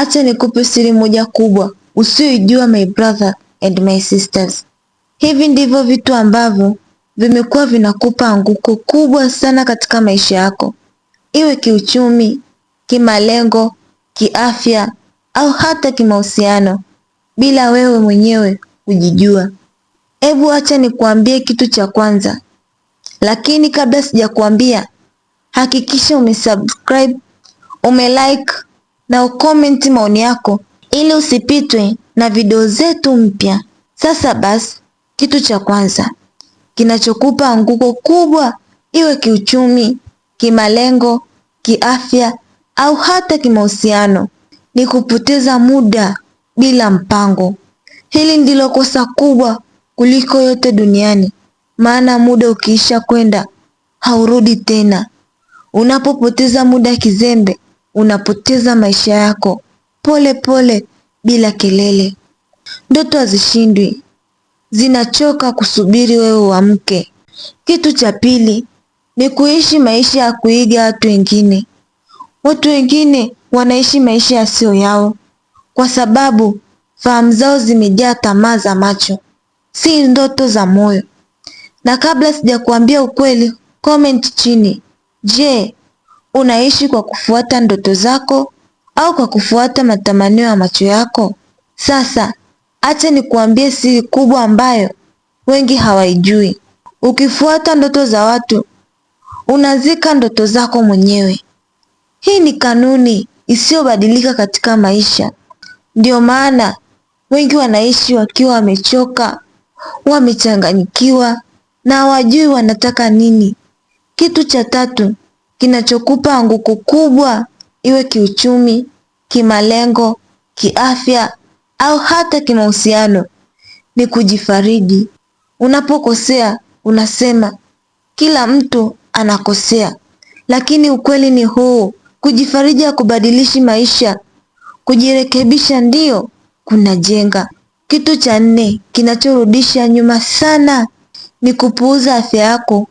Acha nikupe siri moja kubwa usioijua my brother and my sisters. Hivi ndivyo vitu ambavyo vimekuwa vinakupa anguko kubwa sana katika maisha yako, iwe kiuchumi, kimalengo, kiafya au hata kimahusiano, bila wewe mwenyewe kujijua. Hebu acha nikuambie kitu cha kwanza, lakini kabla sijakuambia, hakikisha umesubscribe, umelike na ukomenti maoni yako ili usipitwe na video zetu mpya. Sasa basi, kitu cha kwanza kinachokupa anguko kubwa, iwe kiuchumi, kimalengo, kiafya au hata kimahusiano, ni kupoteza muda bila mpango. Hili ndilo kosa kubwa kuliko yote duniani, maana muda ukiisha kwenda haurudi tena. Unapopoteza muda kizembe, unapoteza maisha yako pole pole bila kelele. Ndoto hazishindwi, zinachoka kusubiri wewe uamke. Kitu cha pili ni kuishi maisha ya kuiga watu wengine. Watu wengine wanaishi maisha yasiyo yao kwa sababu fahamu zao zimejaa tamaa za macho, si ndoto za moyo. Na kabla sijakuambia ukweli, comment chini. Je, Unaishi kwa kufuata ndoto zako au kwa kufuata matamanio ya macho yako? Sasa acha nikuambie siri kubwa ambayo wengi hawaijui. Ukifuata ndoto za watu, unazika ndoto zako mwenyewe. Hii ni kanuni isiyobadilika katika maisha. Ndio maana wengi wanaishi wakiwa wamechoka, wamechanganyikiwa na hawajui wanataka nini. Kitu cha tatu, kinachokupa nguku kubwa, iwe kiuchumi, kimalengo, kiafya au hata kimahusiano ni kujifariji. Unapokosea unasema kila mtu anakosea, lakini ukweli ni huu: kujifariji hakubadilishi maisha, kujirekebisha ndiyo kunajenga. Kitu cha nne kinachorudisha nyuma sana ni kupuuza afya yako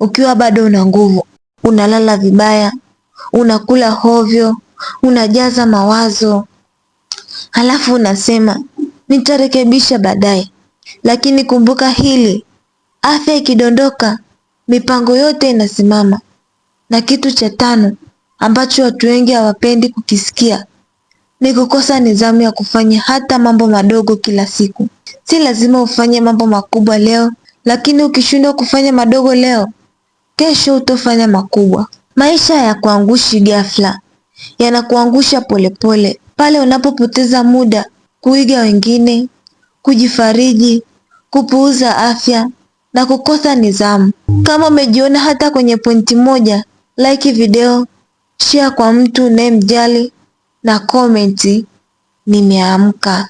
ukiwa bado una nguvu unalala vibaya, unakula hovyo, unajaza mawazo, halafu unasema nitarekebisha baadaye. Lakini kumbuka hili, afya ikidondoka, mipango yote inasimama. Na kitu cha tano ambacho watu wengi hawapendi kukisikia ni kukosa nidhamu ya kufanya hata mambo madogo kila siku. Si lazima ufanye mambo makubwa leo, lakini ukishindwa kufanya madogo leo, kesho hutofanya makubwa. Maisha hayakuangushi ghafla, yanakuangusha polepole pale unapopoteza muda kuiga wengine, kujifariji, kupuuza afya na kukosa nidhamu. Kama umejiona hata kwenye pointi moja, like video, share kwa mtu unayemjali na komenti nimeamka.